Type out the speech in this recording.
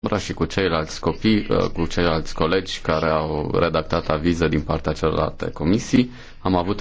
Umbra și cu ceilalți copii, uh, cu ceilalți colegi care au redactat avize din partea celorlalte comisii. Am avut